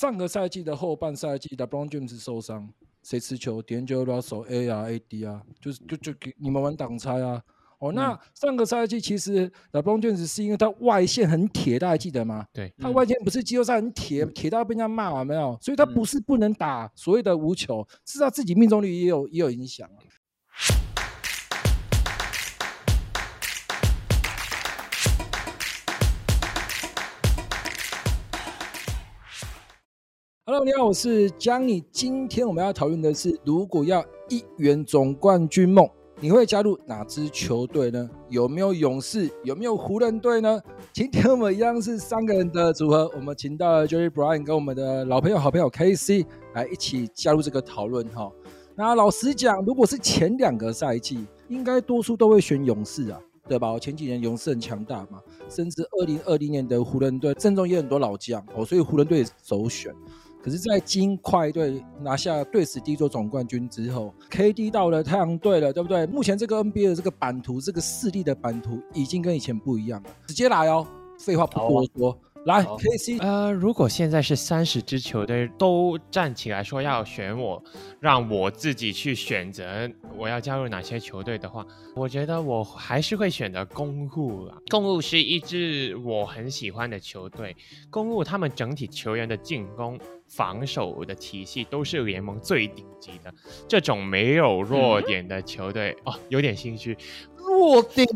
上個賽季的後半賽季，LeBron James 受傷，誰持球？點球 ？Russell A 啊，A D 啊，就是就就給你們玩擋拆啊。哦、嗯，那上個賽季其實 LeBron James 是因為他外線很鐵，大家記得嗎？對，他外線不是季後賽很鐵，嗯，鐵到被人家罵完，啊、沒有？所以他不是不能打所謂的無球，是他自己命中率也有也有影響，啊 Hello，你好，我是 Johnny。今天我們要討論的是，如果要一圓總冠軍夢，你會加入哪支球隊呢？有沒有勇士？有沒有湖人隊呢？今天我們一樣是三個人的組合，我們請到了 Jerry Bryant 跟我們的老朋友、好朋友 KC 來一起加入這個討論哈、哦。那老實講，如果是前兩個賽季，應該多數都會選勇士啊，對吧？我前幾年勇士很強大嘛，甚至二零二零年的湖人隊陣中也有很多老將哦，所以湖人隊也首選。可是在精，在金塊隊拿下隊史第一座總冠軍之後，KD 到了太陽隊了，對不對？目前這個 NBA 的這個版圖，這個勢力的版圖已經跟以前不一樣了。直接來哦，廢話不多說。來，K、oh, C，呃，如果現在是三十支球隊都站起來說要選我，讓我自己去選擇我要加入哪些球隊的話，我覺得我還是會選擇公鹿啊。公鹿是一支我很喜歡的球隊，公鹿他們整體球員的進攻、防守的體系都是聯盟最頂級的，這種沒有弱點的球隊，嗯、哦，有點興趣。我定，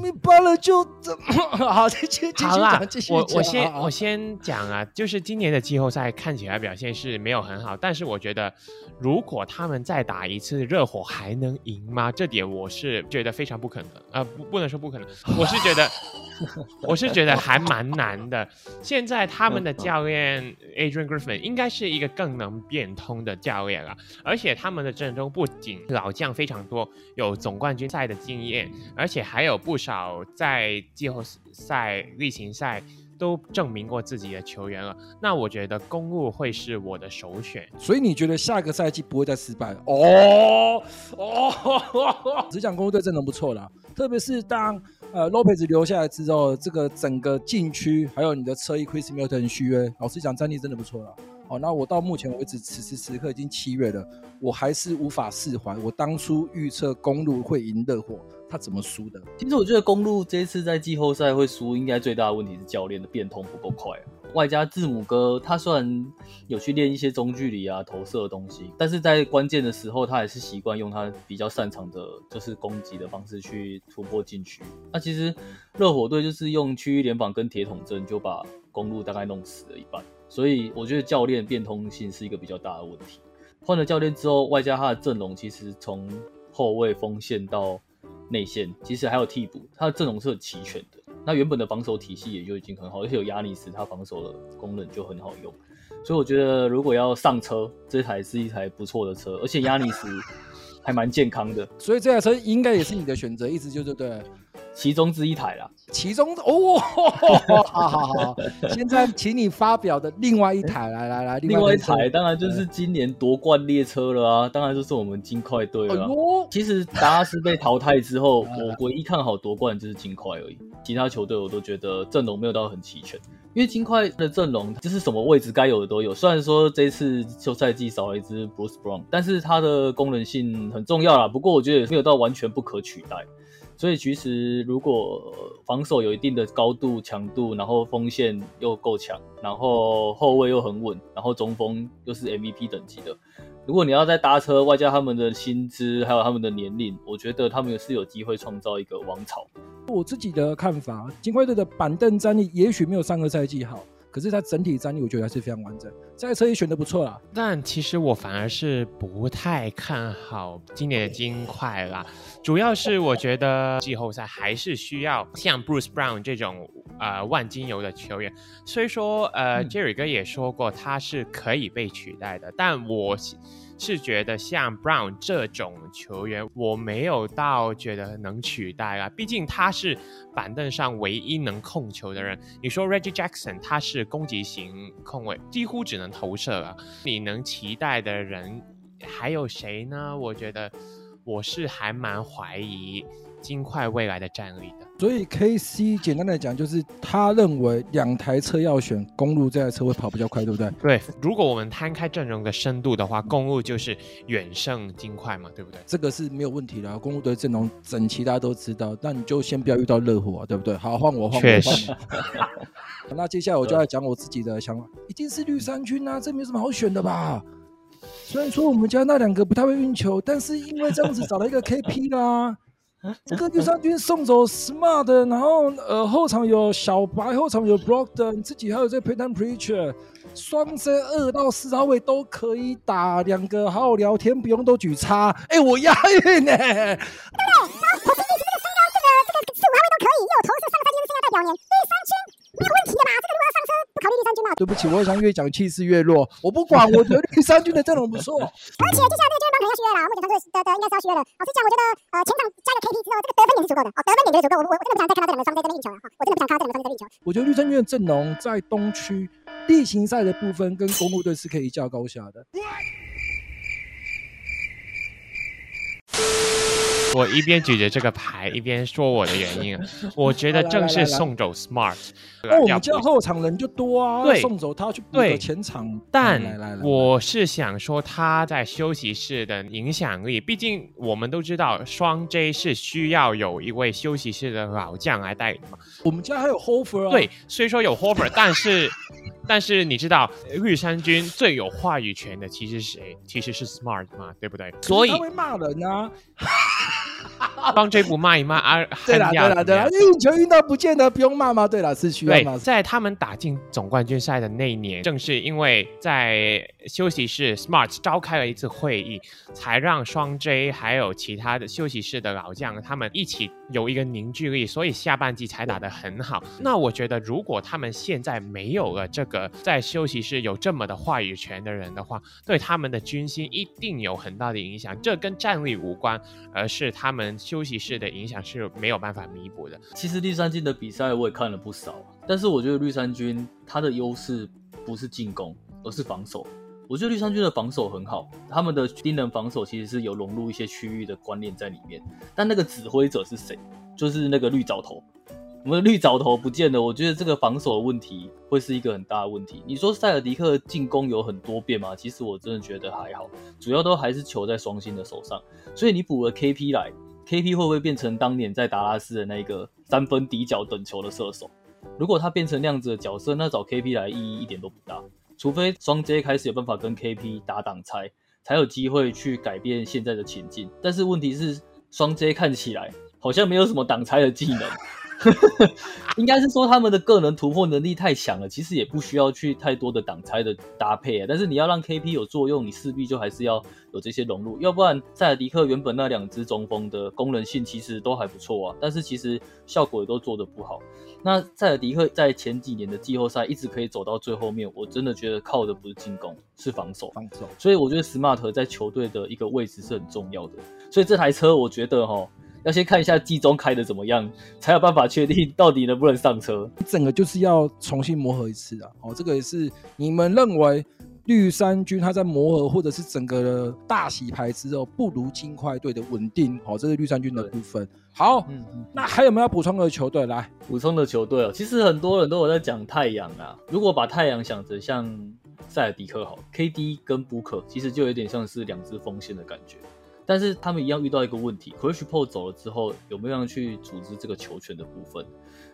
明白了就這。 好，繼續講，繼續講我講我先、啊、我先講啊，就是今年的季後賽看起來表現是沒有很好，但是我覺得如果他們再打一次熱火，還能贏嗎？這點我是覺得非常不可能啊、呃，不不能說不可能，我是覺得。 我是覺得還蠻難的。現在他們的教練 Adrian Griffin 應該是一個更能變通的教練了，而且他們的陣容不僅老將非常多，有總冠軍賽的經驗，而且還有不少在季後賽、例行賽都證明過自己的球員了。那我覺得公鹿會是我的首選。所以你覺得下個賽季不會再失敗了？哦哦，只講公鹿隊真的不錯了，特別是當。呃洛佩茲留下來之後，這個整個禁區，還有你的車衣，Khris Middleton 續約，老實講，戰力真的不錯了。哦，那我到目前為止，此時此刻已經七月了，我還是無法釋懷。我當初預測公鹿會贏熱火，他怎麼輸的？其實我覺得公鹿這一次在季後賽會輸，應該最大的問題是教練的變通不夠快啊。外加字母哥，他雖然有去練一些中距離啊投射的東西，但是在關鍵的時候，他還是習慣用他比較擅長的，就是攻擊的方式去突破進去。那、啊、其實熱火隊就是用區域聯防跟鐵桶陣，就把公鹿大概弄死了一半。所以我覺得教練變通性是一個比較大的問題。換了教練之後，外加他的陣容，其實從後衛鋒線到內線，其實還有替補，他的陣容是很齊全的。那原本的防守體系也就已經很好，而且有 Yannis，他防守的功能就很好用。所以我覺得，如果要上車，這台是一台不錯的車，而且 Yannis 還蠻健康的。所以這台車應該也是你的選擇，一直就是對。其中之一台啦，其中之哦，哈、哦、好，好、哦哦哦 啊，現在請你發表的另外一台，來來來，另外一台，一台嗯、當然就是今年奪冠列車了啊，當然就是我們金塊隊了。其實達拉斯被淘汰之後， 我唯一看好奪冠就是金塊而已，啊，其他球隊我都覺得陣容沒有到很齊全。因為金塊的陣容就是什麼位置該有的都有，雖然說這次休賽季少了一支 Bruce Brown，但是它的功能性很重要啦。不過我覺得也沒有到完全不可取代。所以其實，如果防守有一定的高度強度，然後鋒線又夠強，然後後衛又很穩，然後中鋒又是 MVP 等級的，如果你要再搭車，外加他們的薪資還有他們的年齡，我覺得他們是有機會創造一個王朝。我自己的看法，金塊隊的板凳戰力也許沒有上個賽季好，可是他整體戰力我覺得還是非常完整。這台車也選得不錯啊，但其實我反而是不太看好今年的金塊啦。主要是我覺得季後賽還是需要像 Bruce Brown 這種，呃，萬金油的球員。雖說，呃，嗯，Jerry 哥也說過他是可以被取代的。但我是覺得像 Brown 這種球員，我沒有到覺得能取代啊。畢竟他是板凳上唯一能控球的人。你說 Reggie Jackson，他是攻擊型控衛，幾乎只能投射了。你能期待的人還有誰呢？我覺得。我是還蠻懷疑金塊未來的戰力的，所以 K C 簡單來講就是他認為兩台車要選公路這台車會跑比較快，對不對？ 對，如果我們攤開陣容的深度的話，公路就是遠勝金塊嘛，對不對？這個是沒有問題的。啊，公路的陣容整齊，大家都知道。那你就先不要遇到熱火，啊，對不對？好，換我換我。確實。換我 好 那接下來我就來講我自己的想法，一定是綠衫軍啦，啊，這沒什麼好選的吧？雖然說我們家那兩個不太會運球，但是因為這樣子找到一個 KP 啦、啊，這個綠衫軍送走 Smart，然後呃後場有小白，後場有 Brogdon，你自己還有這 p Payton Pritchard，雙 C 二到四號位都可以打，兩個好好聊天，不用都舉叉。哎、欸，我押韻呢。對不對，對？然後我今天這個身高，這個這個、這個這個、四五號位都可以，因為我投射，三個三 D 的身高在表面，這三圈沒有問題的吧？不考慮綠衫軍嗎？對不起，我好像越講氣勢越弱。我不管，我覺得綠衫軍的陣容不錯。 而且接下來綠山幫肯定要續約了，目前們覺他們的的應該是要續約了。老實講，我覺得呃前場加個 KP，知道這個得分點是足夠的。哦，得分點是足夠。我我真的不想再看到這兩個雙隊在那運球了哈，我真的不想看到這兩個雙隊在那運球。我覺得綠衫軍的陣容在東區例行賽的部分跟公鹿隊是可以一較高下的。 我一邊舉着這個牌，一邊說我的原因 我覺得正是送走 Smart， 啊來來來哦、我們家後場人就多啊。對，送走他要去前場對。但我是想說他在休息室的影響力來來來來，畢竟我們都知道雙 J 是需要有一位休息室的老將來帶，我們家還有 Hofer、啊、對，雖說有 Hofer， 但是。但是你知道綠衫軍最有話語權的其實是誰？其實是 Smart 嘛，對不對？所以他會罵人啊。雙 J 不罵一罵啊？對啦對啦對啦，運球運到不見得不用罵嗎？對啦，是需要嘛。在他們打進總冠軍賽的那一年，正是因為在休息室 Smart 召開了一次會議，才讓雙 J 還有其他的休息室的老將他們一起。有一個凝聚力，所以下半季才打得很好。那我覺得，如果他們現在沒有了這個在休息室有這麼的話語權的人的話，對他們的軍心一定有很大的影響。這跟戰力無關，而是他們休息室的影響是沒有辦法彌補的。其實綠衫軍的比賽我也看了不少，但是我覺得綠衫軍他的優勢不是進攻，而是防守。我覺得綠衫軍的防守很好，他們的盯人防守其實是有融入一些區域的觀念在裡面。但那個指揮者是誰？就是那個綠藻頭。我們綠藻頭不見了，我覺得這個防守的問題會是一個很大的問題。你說塞爾迪克進攻有很多變嗎？其實我真的覺得還好，主要都還是球在雙星的手上。所以你補了 KP 來，KP 會不會變成當年在達拉斯的那個三分底角等球的射手？如果他變成那樣子的角色，那找 KP 來意義一點都不大。除非雙 J 開始有辦法跟 KP 打擋拆，才有機會去改變現在的前進。但是問題是，雙 J 看起來好像沒有什麼擋拆的技能，呵呵呵，應該是說他們的個人突破能力太強了，其實也不需要去太多的擋拆的搭配啊。但是你要讓 KP 有作用，你勢必就還是要有這些融入，要不然塞爾提克原本那兩隻中鋒的功能性其實都還不錯啊，但是其實效果也都做得不好。那塞爾迪克在前幾年的季後賽一直可以走到最後面，我真的覺得靠的不是進攻，是防守。防守。所以我覺得 Smart 在球隊的一個位置是很重要的。所以這台車，我覺得齁，要先看一下季中開的怎麼樣，才有辦法確定到底能不能上車。整個就是要重新磨合一次啊！哦，這個也是你們認為？綠衫軍他在磨合，或者是整個的大洗牌之後，不如金塊隊的穩定哦。好，這是綠衫軍的部分。好嗯嗯，那還有沒有要補充的球隊？來，補充的球隊哦，其實很多人都有在講太陽啊。如果把太陽想着像塞爾迪克好，KD 跟布克，其實就有點像是兩支鋒線的感覺。但是他們一樣遇到一個問題 Chris Paul 走了之後有沒有要去組織這個球權的部分？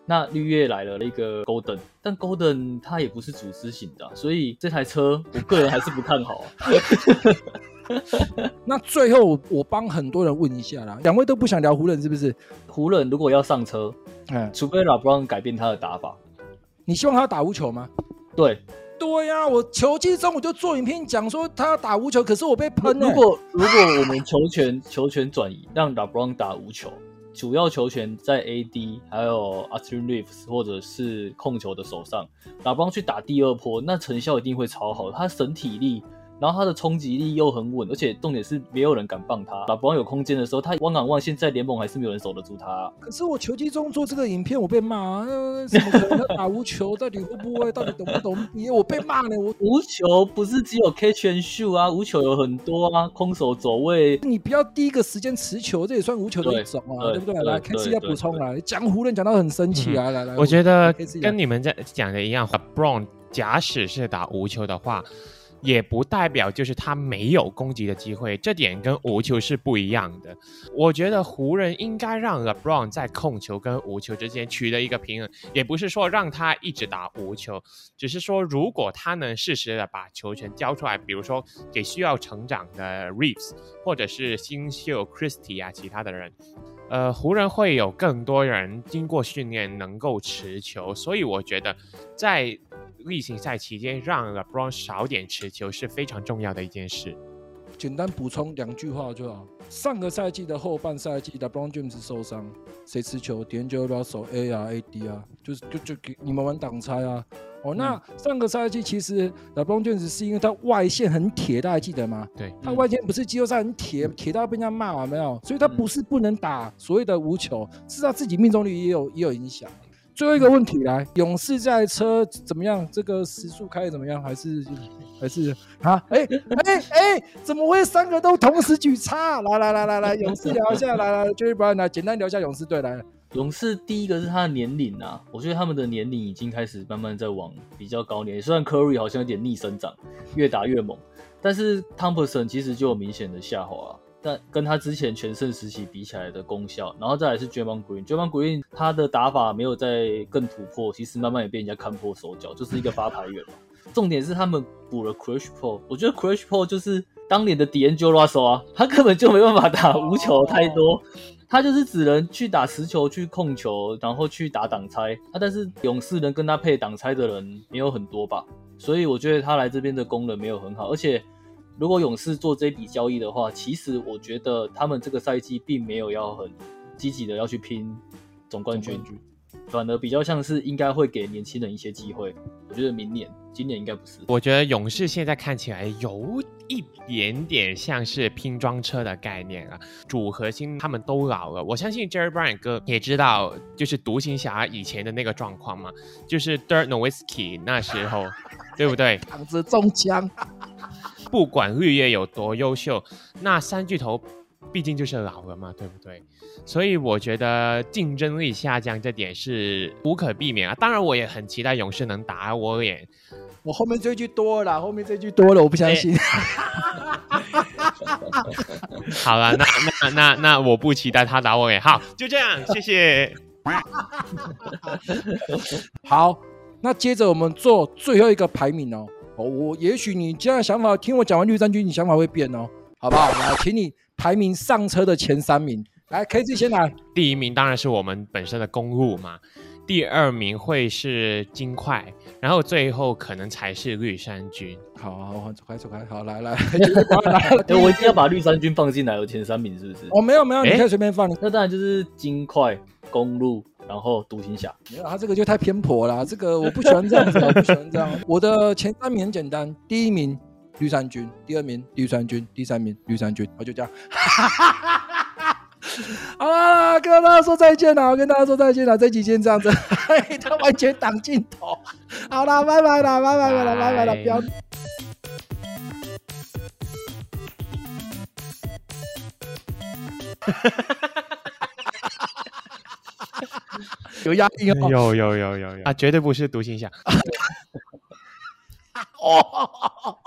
那綠葉來了一個 Golden，但 Golden 他也不是組織型的，所以這台車我個人還是不看好、啊。 那最後我幫很多人問一下啦，兩位都不想聊湖人是不是？湖人如果要上車，嗯，除非 LeBron 改變他的打法。你希望他打無球嗎？對。對呀、啊，我球季中我就做影片講說他要打無球，可是我被噴了。如果，如果我們球權 球權轉移，讓拉布朗打無球，主要球權在 AD 還有 Austin Reaves 或者是控球的手上，拉布朗去打第二波，那成效一定會超好，他省體力。然後他的衝擊力又很穩，而且重點是沒有人敢放他。打布朗有空間的時候，他汪港望現在聯盟還是沒有人守得住他，啊。可是我球技中做這個影片，我被罵啊！打無球， 到底會不會？到底懂不懂你？我被罵了，我無球不是只有 k a t c h a n shoot 啊，無球有很多啊，空手走位。你不要第一個時間持球，這也算無球的一種啊，對，對不對？對來，k 始要補充啊。江湖人講到很生奇啊，來、嗯、來，我覺得跟你們在講的一樣。布 n 假使是打無球的話。也不代表就是他沒有攻擊的機會，這點跟無球是不一樣的。我覺得湖人應該讓 LeBron 在控球跟無球之間取得一個平衡，也不是說讓他一直打無球，只是說如果他能適時地把球權交出來，比如說給需要成長的 Reaves 或者是新秀 Christie 啊，其他的人，呃，湖人會有更多人經過訓練能夠持球。所以我覺得在。例行賽期間，讓 LeBron 少點持球是非常重要的一件事。簡單補充兩句話就好。上個賽季的後半賽季，LeBron James 受傷，誰持球，D'Angelo Russell 啊、A D 啊，就是就就給你們玩擋拆啊。哦，那上個賽季其實 LeBron James 是因為他外線很鐵，大家記得嗎？對，他外線不是季後賽很鐵，鐵到被人家罵完沒有？所以他不是不能打所謂的無球，是他自己命中率也有也有影響。最後一個問題來，勇士這台車怎麼樣？這個時速開的怎麼樣？還是還是啊？哎哎哎，怎麼會三個都同時舉叉、啊？來來來來來，勇士聊一下，來來，Jerry Bryant 來簡單聊一下勇士隊。來勇士第一個是他的年齡啊，我覺得他們的年齡已經開始慢慢在往比較高年，雖然 Curry 好像有點逆生長，越打越猛，但是 Thompson 其實就有明顯的下滑、啊。但跟他之前全盛時期比起來的功效，然後再來是 Draymond Green，Draymond Green 他的打法沒有再更突破，其實慢慢也被人家看破手腳，就是一個發牌員嘛。重點是他們補了 Chris Paul，我覺得 Chris Paul 就是當年的 D'Angelo Russell 啊，他根本就沒辦法打無球太多，他就是只能去打持球去控球，然後去打擋拆啊。但是勇士能跟他配擋拆的人沒有很多吧，所以我覺得他來這邊的功能沒有很好，而且。如果勇士做這筆交易的話，其實我覺得他們這個賽季並沒有要很積極的要去拼總冠軍，反而比較像是應該會給年輕人一些機會。我覺得明年、今年應該不是。我覺得勇士現在看起來有一點點像是拼裝車的概念啊。主核心他們都老了。我相信 Jerry Bryant 哥也知道，就是獨行俠以前的那個狀況嘛，就是 Dirk Nowitzki 那時候。 對不對？躺着中槍。 不管綠葉有多優秀，那三巨頭畢竟就是老了嘛，對不對？所以我覺得競爭力下降這點是無可避免啊。當然，我也很期待勇士能打我臉。我後面這句多了，後面這句多了，我不相信。欸、 好啦，那那那那，那那我不期待他打我臉。好，就這樣， 謝謝。 好。那接着我們做最後一個排名哦，哦我也許你這樣的想法，聽我講完綠衫軍，你想法會變哦，好不好？我來，請你排名上車的前三名，來 KC 先來。第一名當然是我們本身的公鹿嘛，第二名會是金塊，然後最後可能才是綠衫軍。好，好，走開走開，好來來 對，我一定要把綠衫軍放進來，有前三名是不是？哦，沒有沒有、欸，你可以隨便放，那當然就是金塊公鹿。然後獨行俠，沒有他、啊、這個就太偏頗了、啊。這個我不喜歡這樣子， 我不喜歡這樣。 我的前三名很簡單，第一名綠衫軍，第二名綠衫軍，第三名綠衫軍，我就這樣。 好啦，跟大家說再見了，我跟大家說再見了。這幾件這樣子， 他完全擋鏡頭。 好啦，拜拜啦，拜拜啦拜了，拜拜啦，不要。 有壓力哦！有有有有有,有啊，絕對不是獨行俠。哦，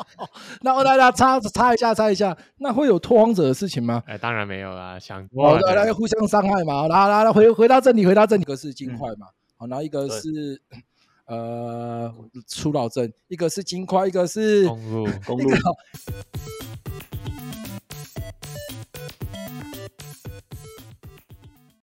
那我大家擦猜一,一下，擦一下，那會有拓荒者的事情嗎？哎、欸，當然沒有啦。想、哦、多了。來來互相傷害嘛！來來來，回回到正題，回到正題，一個是金塊嘛，好、嗯，然後一個是呃出老正，一個是金塊，一個是公鹿公鹿。公鹿